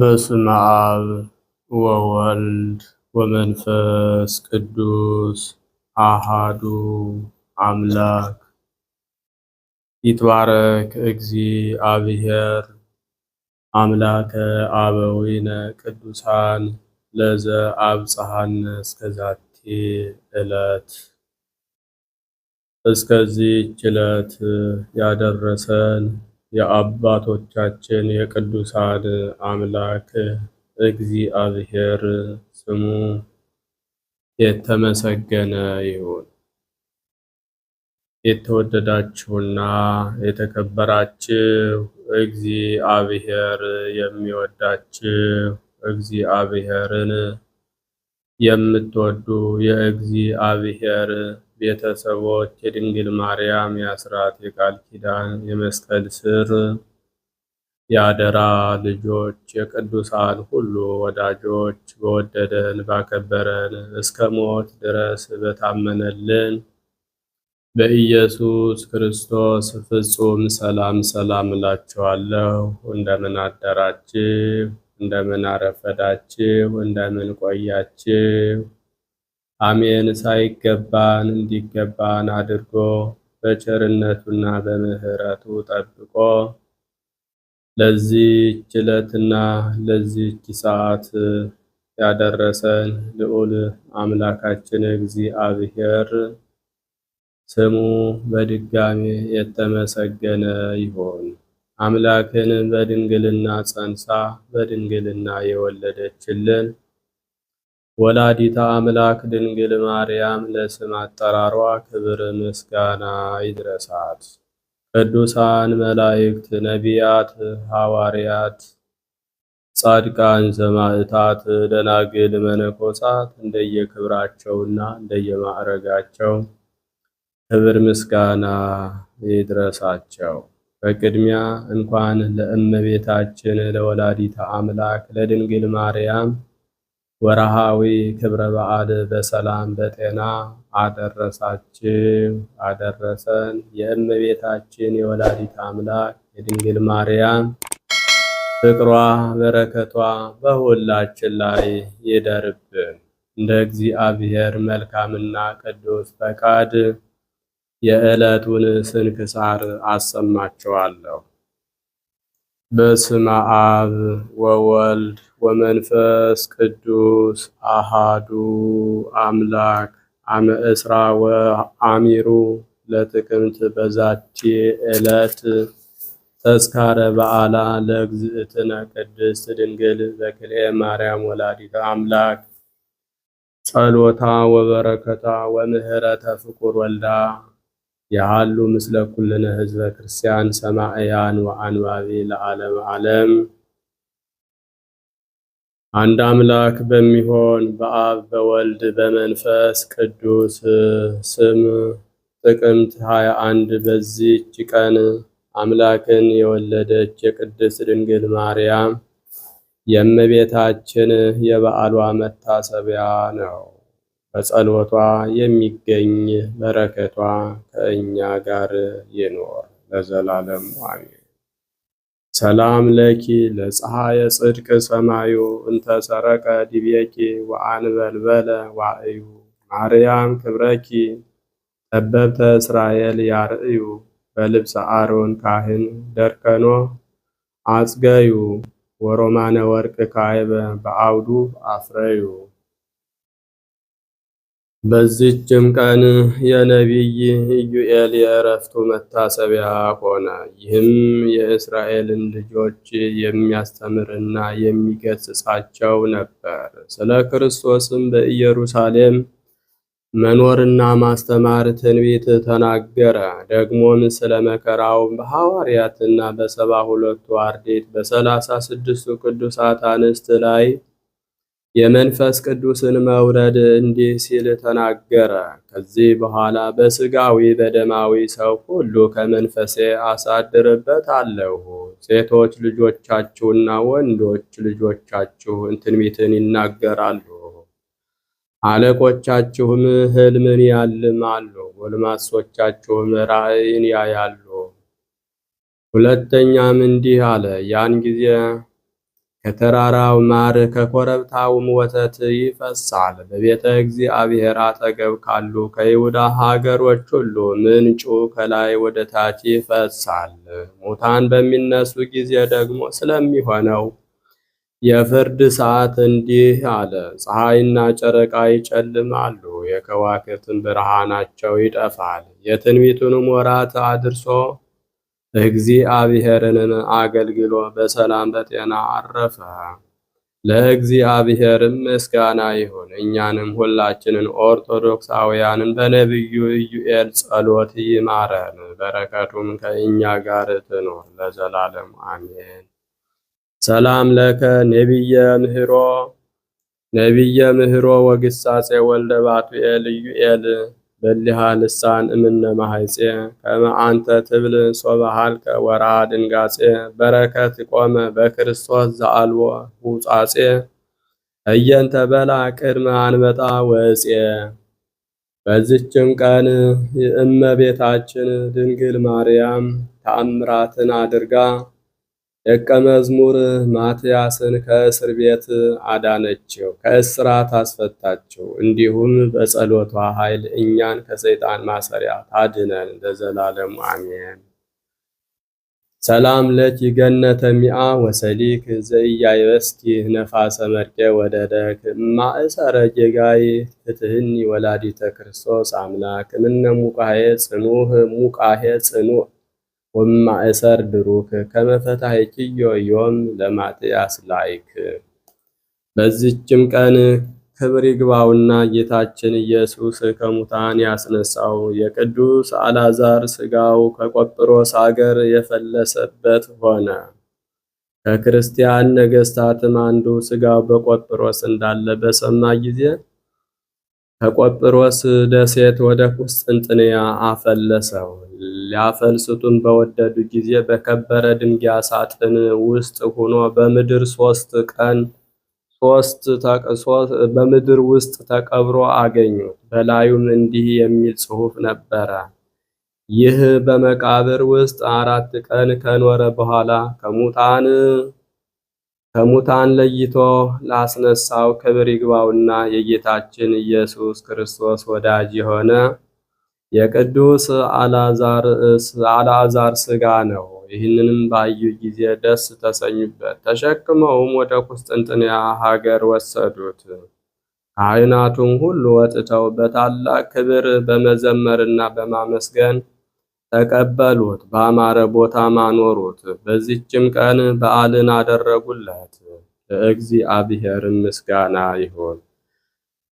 በስመ አብ ወወልድ ወመንፈስ ቅዱስ አሃዱ አምላክ ይትባረክ እግዚአብሔር አምላከ አበዊነ ቅዱሳን ለዘ አብጽሐነ እስከዛቲ ዕለት እስከዚህች ዕለት ያደረሰን የአባቶቻችን የቅዱሳን አምላክ እግዚአብሔር ስሙ የተመሰገነ ይሁን። የተወደዳችሁና የተከበራችሁ እግዚአብሔር የሚወዳችሁ እግዚአብሔርን የምትወዱ የእግዚአብሔር ቤተሰቦች የድንግል ማርያም የአስራት የቃል ኪዳን የመስቀል ስር የአደራ ልጆች የቅዱሳን ሁሉ ወዳጆች በወደደን ባከበረን እስከ ሞት ድረስ በታመነልን በኢየሱስ ክርስቶስ ፍጹም ሰላም ሰላም እላችኋለሁ። እንደምን አደራችሁ? እንደምን አረፈዳችሁ? እንደምን ቆያችሁ? አሜን ሳይገባን እንዲገባን አድርጎ በቸርነቱና በምሕረቱ ጠብቆ ለዚህች ዕለትና ለዚች ሰዓት ያደረሰን ልዑል አምላካችን እግዚአብሔር ስሙ በድጋሜ የተመሰገነ ይሆን። አምላክን በድንግልና ጸንሳ በድንግልና የወለደችልን ወላዲታ አምላክ ድንግል ማርያም ለስም አጠራሯ ክብር ምስጋና ይድረሳት። ቅዱሳን መላእክት፣ ነቢያት፣ ሐዋርያት፣ ጻድቃን፣ ዘማዕታት፣ ደናግል፣ መነኮሳት እንደየክብራቸውና እንደየማዕረጋቸው ክብር ምስጋና ይድረሳቸው። በቅድሚያ እንኳን ለእመቤታችን ለወላዲታ አምላክ ለድንግል ማርያም ወርሃዊ ክብረ በዓል በሰላም በጤና አደረሳችሁ አደረሰን። የእመቤታችን የወላዲት አምላክ የድንግል ማርያም ፍቅሯ በረከቷ በሁላችን ላይ ይደርብን። እንደ እግዚአብሔር መልካምና ቅዱስ ፈቃድ የዕለቱን ስንክሳር አሰማችኋለሁ። በስመ አብ ወወልድ ወመንፈስ ቅዱስ አሃዱ አምላክ አመ እስራ ወአሚሩ ለጥቅምት በዛቲ ዕለት ተስካረ በዓላ ለእግዝእትነ ቅድስት ድንግል በክልኤ ማርያም ወላዲተ አምላክ ጸሎታ ወበረከታ ወምህረተ ፍቁር ወልዳ የሃሉ ምስለ ኩልነ ህዝበ ክርስቲያን ሰማዕያን ወአንባቢ ለዓለም ዓለም አንድ አምላክ በሚሆን በአብ በወልድ በመንፈስ ቅዱስ ስም ጥቅምት 21 አንድ በዚህች ቀን አምላክን የወለደች የቅድስት ድንግል ማርያም የእመቤታችን የበዓሏ መታሰቢያ ነው። በጸሎቷ የሚገኝ በረከቷ ከእኛ ጋር ይኖር ለዘላለም ። አሜን። ሰላም ለኪ ለፀሐየ ጽድቅ ሰማዩ እንተ ሰረቀ ዲቤኪ ወአንበልበለ ዋእዩ ማርያም ክብረኪ ጠበብተ እስራኤል ያርእዩ በልብሰ አሮን ካህን ደርከኖ አጽገዩ ወሮማነ ወርቅ ካይበ በአውዱ አፍረዩ በዚችም ቀን የነቢይ ኢዩኤል የእረፍቱ መታሰቢያ ሆነ። ይህም የእስራኤልን ልጆች የሚያስተምርና የሚገስጻቸው ነበር። ስለ ክርስቶስም በኢየሩሳሌም መኖርና ማስተማር ትንቢት ተናገረ። ደግሞም ስለ መከራው በሐዋርያትና በሰባ ሁለቱ አርዴት በሰላሳ ስድስቱ ቅዱሳት አንስት ላይ የመንፈስ ቅዱስን መውረድ እንዲህ ሲል ተናገረ። ከዚህ በኋላ በስጋዊ በደማዊ ሰው ሁሉ ከመንፈሴ አለሁ። ሴቶች ልጆቻችሁና ወንዶች ልጆቻችሁ ትንቢትን ይናገራሉ፣ አለቆቻችሁም ሕልምን ያልማሉ፣ ጎልማሶቻችሁም ራእይን ያያሉ። ሁለተኛም እንዲህ አለ፣ ያን ጊዜ ከተራራው ማር ከኮረብታውም ወተት ይፈሳል። በቤተ እግዚአብሔር አጠገብ ካሉ ከይሁዳ ሀገሮች ሁሉ ምንጩ ከላይ ወደ ታች ይፈሳል። ሙታን በሚነሱ ጊዜ ደግሞ ስለሚሆነው የፍርድ ሰዓት እንዲህ አለ። ፀሐይና ጨረቃ ይጨልማሉ፣ የከዋክብትን ብርሃናቸው ይጠፋል። የትንቢቱንም ወራት አድርሶ እግዚአብሔርንም አገልግሎ በሰላም በጤና አረፈ። ለእግዚአብሔርም ምስጋና ይሁን። እኛንም ሁላችንን ኦርቶዶክሳውያንን በነቢዩ ኢዩኤል ጸሎት ይማረን፣ በረከቱም ከእኛ ጋር ትኖር ለዘላለም አሜን። ሰላም ለከ ነቢየ ምህሮ ነቢየ ምህሮ ወግሳጼ ወልደ ባቱኤል ኢዩኤል በሊሃ ልሳን እምነ ማሐፄ ከመ አንተ ትብል ሶባሃልከ ወርሃ ድንጋፄ በረከት ቆመ በክርስቶስ ዘአልቦ ውጻፄ እየንተ በላ ቅድመ አንበጣ ወፄ። በዚችም ቀን እመቤታችን ድንግል ማርያም ታምራትን አድርጋ ደቀ መዝሙር ማትያስን ከእስር ቤት አዳነችው፣ ከእስራት አስፈታችው። እንዲሁም በጸሎቷ ኃይል እኛን ከሰይጣን ማሰሪያ ታድነን ለዘላለሙ አሜን። ሰላም ለኪ ገነተ ሚአ ወሰሊክ ዘኢያዕስኪ ነፋሰ መርቄ ወደደክ ማእሰረ ጌጋይ ፍትህኒ ወላዲተ ክርስቶስ አምላክ ምነ ሙቃሄ ጽኑህ ሙቃሄ ጽኑዕ ወማእሰር ድሩክ ከመፈታሕኪዮ ዮም ለማጥያስ ላይክ። በዚችም ቀን ክብር ይግባውና ጌታችን ኢየሱስ ከሙታን ያስነሳው የቅዱስ አልዓዛር ስጋው ከቆጵሮስ አገር የፈለሰበት ሆነ። ከክርስቲያን ነገስታትም አንዱ ስጋው በቆጵሮስ እንዳለ በሰማ ጊዜ ከቆጵሮስ ደሴት ወደ ቁስጥንጥንያ አፈለሰው። ሊያፈልሱትም በወደዱ ጊዜ በከበረ ድንጋይ ሳጥን ውስጥ ሆኖ በምድር ሶስት ቀን በምድር ውስጥ ተቀብሮ አገኙት። በላዩም እንዲህ የሚል ጽሑፍ ነበረ። ይህ በመቃብር ውስጥ አራት ቀን ከኖረ በኋላ ከሙታን ከሙታን ለይቶ ላስነሳው ክብር ይግባውና የጌታችን ኢየሱስ ክርስቶስ ወዳጅ የሆነ የቅዱስ አልዓዛር ሥጋ ነው። ይህንንም ባዩ ጊዜ ደስ ተሰኙበት። ተሸክመውም ወደ ቁስጥንጥንያ ሀገር ወሰዱት። ካህናቱም ሁሉ ወጥተው በታላቅ ክብር በመዘመርና በማመስገን ተቀበሉት፣ በአማረ ቦታ አኖሩት። በዚችም ቀን በዓልን አደረጉለት። ለእግዚአብሔርም ምስጋና ይሁን።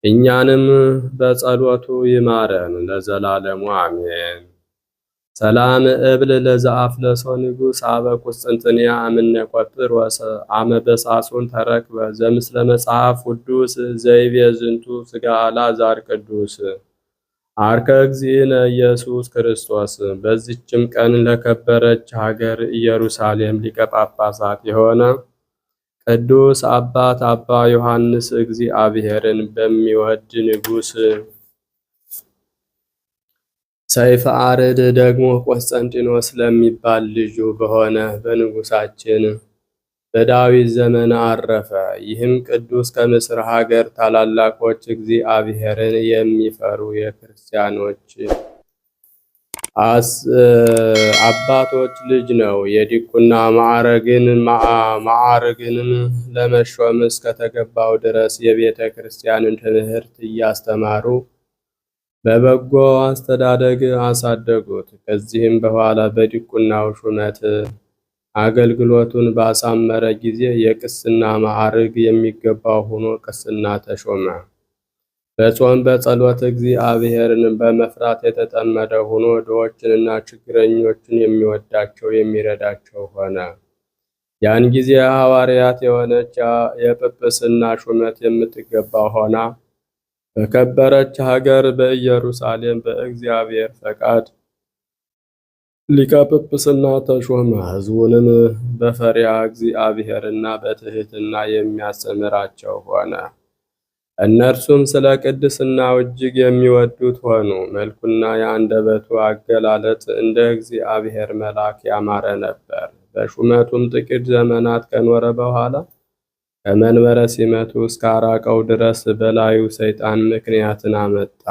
እኛንም በጸሎቱ ይማረን ለዘላለሙ አሜን። ሰላም እብል ለዘአፍለሶ ንጉሥ አበ ቁስጥንጥንያ እምነቆጥር አመ በሳጹን ተረክበ ዘምስለ መጽሐፍ ቅዱስ ዘይቤ ዝንቱ ስጋ አላዛር ቅዱስ አርከ እግዚእነ ኢየሱስ ክርስቶስ። በዚችም ቀን ለከበረች ሀገር ኢየሩሳሌም ሊቀ ጳጳሳት የሆነ ቅዱስ አባት አባ ዮሐንስ እግዚአብሔርን በሚወድ ንጉሥ ሰይፈ አርድ ደግሞ ቆስጠንጢኖስ ለሚባል ልጁ በሆነ በንጉሳችን በዳዊት ዘመን አረፈ። ይህም ቅዱስ ከምስር ሀገር ታላላቆች እግዚአብሔርን የሚፈሩ የክርስቲያኖች አባቶች ልጅ ነው። የዲቁና ማዕረግን ማዕረግንም ለመሾም እስከተገባው ድረስ የቤተ ክርስቲያንን ትምህርት እያስተማሩ በበጎ አስተዳደግ አሳደጉት። ከዚህም በኋላ በዲቁናው ሹመት አገልግሎቱን ባሳመረ ጊዜ የቅስና ማዕርግ የሚገባው ሆኖ ቅስና ተሾመ። በጾም በጸሎት እግዚአብሔርን በመፍራት የተጠመደ ሆኖ ድሆችንና ችግረኞችን የሚወዳቸው የሚረዳቸው ሆነ። ያን ጊዜ ሐዋርያት የሆነች የጵጵስና ሹመት የምትገባ ሆና በከበረች ሀገር በኢየሩሳሌም በእግዚአብሔር ፈቃድ ሊቀ ጵጵስና ተሾመ። ሕዝቡንም በፈሪሃ እግዚአብሔርና በትሕትና የሚያስተምራቸው ሆነ። እነርሱም ስለ ቅድስናው እጅግ የሚወዱት ሆኑ። መልኩና የአንደበቱ አገላለጥ እንደ እግዚአብሔር መልአክ ያማረ ነበር። በሹመቱም ጥቂት ዘመናት ከኖረ በኋላ ከመንበረ ሲመቱ እስካራቀው ድረስ በላዩ ሰይጣን ምክንያትን አመጣ።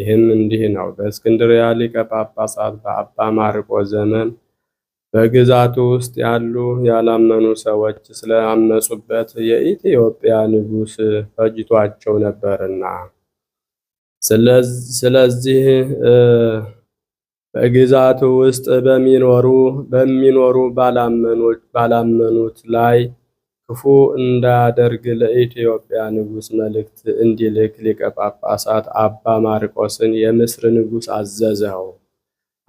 ይህም እንዲህ ነው። በእስክንድርያ ሊቀ ጳጳሳት በአባ ማርቆ ዘመን በግዛቱ ውስጥ ያሉ ያላመኑ ሰዎች ስለአመጹበት የኢትዮጵያ ንጉሥ ፈጅቷቸው ነበርና፣ ስለዚህ በግዛቱ ውስጥ በሚኖሩ ባላመኑት ላይ ክፉ እንዳደርግ ለኢትዮጵያ ንጉሥ መልእክት እንዲልክ ሊቀ ጳጳሳት አባ ማርቆስን የምስር ንጉሥ አዘዘው።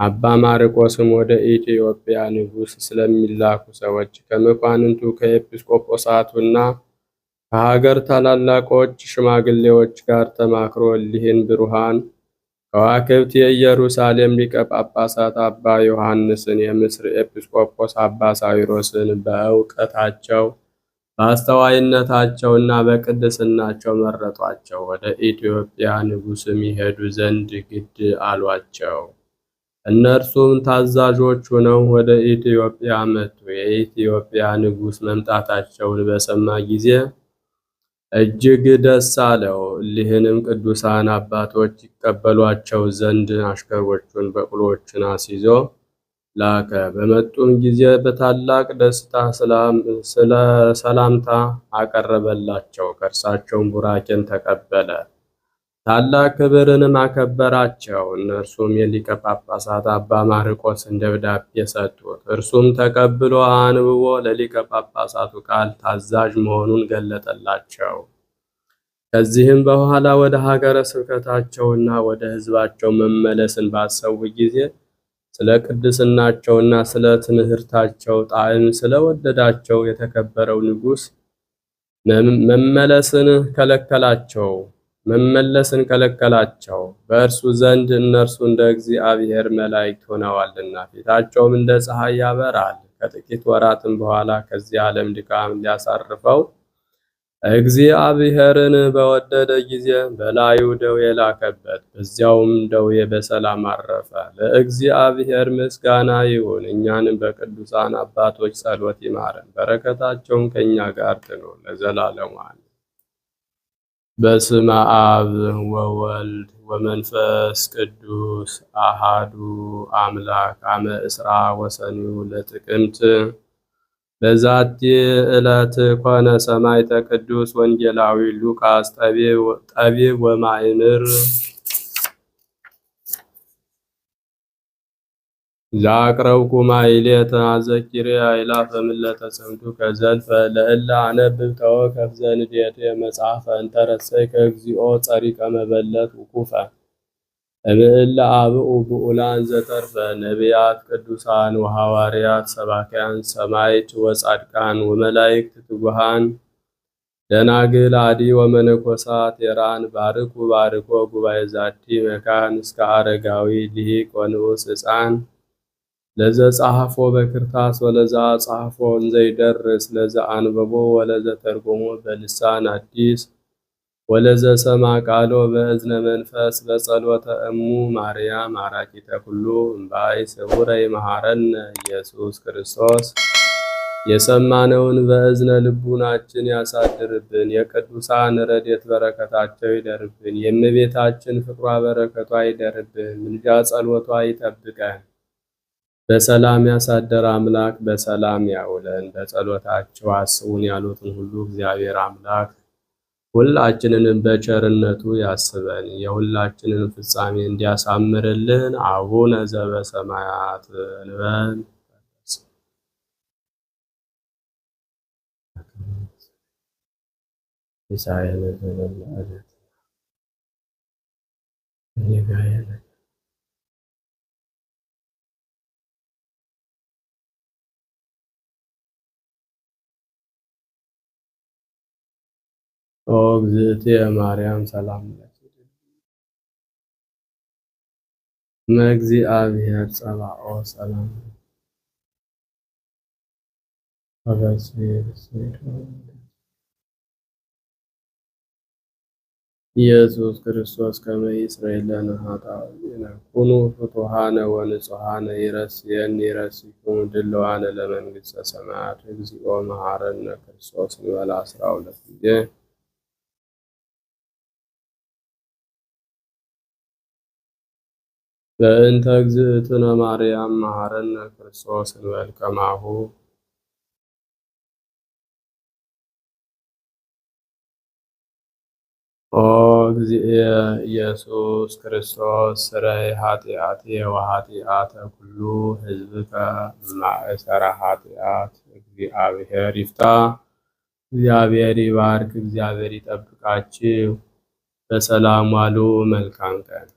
አባ ማርቆስም ወደ ኢትዮጵያ ንጉሥ ስለሚላኩ ሰዎች ከመኳንንቱ ከኤጲስቆጶሳቱና ከሀገር ታላላቆች ሽማግሌዎች ጋር ተማክሮ ሊህን ብሩሃን ከዋክብት የኢየሩሳሌም ሊቀ ጳጳሳት አባ ዮሐንስን፣ የምስር ኤጲስቆጶስ አባ ሳዊሮስን በእውቀታቸው በአስተዋይነታቸውና በቅድስናቸው መረጧቸው። ወደ ኢትዮጵያ ንጉሥም ይሄዱ ዘንድ ግድ አሏቸው። እነርሱም ታዛዦች ሆነው ወደ ኢትዮጵያ መጡ። የኢትዮጵያ ንጉሥ መምጣታቸውን በሰማ ጊዜ እጅግ ደስ አለው። ሊህንም ቅዱሳን አባቶች ይቀበሏቸው ዘንድ አሽከሮቹን በቅሎችን አስይዞ ላከ። በመጡም ጊዜ በታላቅ ደስታ ስለ ሰላምታ አቀረበላቸው። ከእርሳቸውም ቡራኬን ተቀበለ። ታላቅ ክብርንም አከበራቸው። እነርሱም የሊቀ ጳጳሳት አባ ማርቆስን ደብዳቤ ሰጡት። እርሱም ተቀብሎ አንብቦ ለሊቀ ጳጳሳቱ ቃል ታዛዥ መሆኑን ገለጠላቸው። ከዚህም በኋላ ወደ ሀገረ ስብከታቸውና ወደ ሕዝባቸው መመለስን ባሰቡ ጊዜ ስለ ቅድስናቸውና ስለ ትምህርታቸው ጣዕም ስለወደዳቸው የተከበረው ንጉሥ መመለስን ከለከላቸው መመለስን ከለከላቸው። በእርሱ ዘንድ እነርሱ እንደ እግዚአብሔር መላእክት ሆነዋልና ፊታቸውም እንደ ፀሐይ ያበራል። ከጥቂት ወራትም በኋላ ከዚህ ዓለም ድካም ሊያሳርፈው እግዚአብሔርን በወደደ ጊዜ በላዩ ደዌ ላከበት፣ በዚያውም ደዌ በሰላም አረፈ። ለእግዚአብሔር ምስጋና ይሁን፣ እኛንም በቅዱሳን አባቶች ጸሎት ይማረን፣ በረከታቸውም ከእኛ ጋር ትኖር ለዘላለሙ። በስመ አብ ወወልድ ወመንፈስ ቅዱስ አሃዱ አምላክ አመ እስራ ወሰኑ ለጥቅምት በዛቲ ዕለት ኮነ ሰማዕተ ቅዱስ ወንጌላዊ ሉቃስ ጠቢብ ወማእምር ቁማ ይሌት አዘኪሪ አእላፈ ምለተ ጽምዱ ከዘልፈ ለእለ አነብብ ተወከፍ ዘንድ ዘንዴት መጽሐፈ እንተረሰይ ከእግዚኦ ጸሪቀ መበለት ውኩፈ እብህላ አብ ብኡላን ዘተርፈ ነቢያት፣ ቅዱሳን ወሐዋርያት፣ ሰባክያን ሰማይት ወጻድቃን ወመላይክት ትጉሃን ደናግል አዲ ወመነኮሳት የራን ባርኩ ባርኮ ጉባኤ ዛቲ መካን እስከ አረጋዊ ሊሂቅ ወንዑስ ሕፃን ለዘ ጻሐፎ በክርታስ ወለዛ ጻሐፎ እንዘይደርስ ለዘ አንበቦ ወለዘ ተርጎሞ በልሳን አዲስ ወለዘ ሰማ ቃሎ በእዝነ መንፈስ በጸሎተ እሙ ማርያም አራቂተ ተኩሉ እምባይ ስውረይ መሐረነ ኢየሱስ ክርስቶስ የሰማነውን በእዝነ ልቡናችን ያሳድርብን። የቅዱሳን ረድኤት በረከታቸው ይደርብን። የእመቤታችን ፍቅሯ በረከቷ ይደርብን። ምልጃ ጸሎቷ ይጠብቀን። በሰላም ያሳደር አምላክ በሰላም ያውለን። በጸሎታቸው አስቡን ያሉትን ሁሉ እግዚአብሔር አምላክ ሁላችንንም በቸርነቱ ያስበን፣ የሁላችንን ፍጻሜ እንዲያሳምርልን። አቡነ ዘበሰማያት ንበል። ሳይነት ኦ እግዝእትየ ማርያም ሰላም መግዚአብሔር ጸባኦ ሰላም ኢየሱስ ክርስቶስ ከመ ይስረይ ለነ ኃጣውኢነ ኩኑ ፍቱሐነ ወንጹሐነ ይረስየኒ ረሲኩሙ ድልዋነ ለመንግሥተ ሰማያት እግዚኦ መሐረነ ክርስቶስ እንበል አስራ ሁለት ጊዜ በእንተ እግዝእትነ ማርያም መሐረነ ክርስቶስ እንበል ከማሁ ኦ እግዚእ ኢየሱስ ክርስቶስ ስረይ ኃጢአቴ ወኃጢአተ ኩሉ ህዝብከ ማእሰረ ኃጢአት እግዚአብሔር ይፍታ። እግዚአብሔር ይባርክ። እግዚአብሔር ይጠብቃችሁ። በሰላም ዋሉ። መልካም ቀን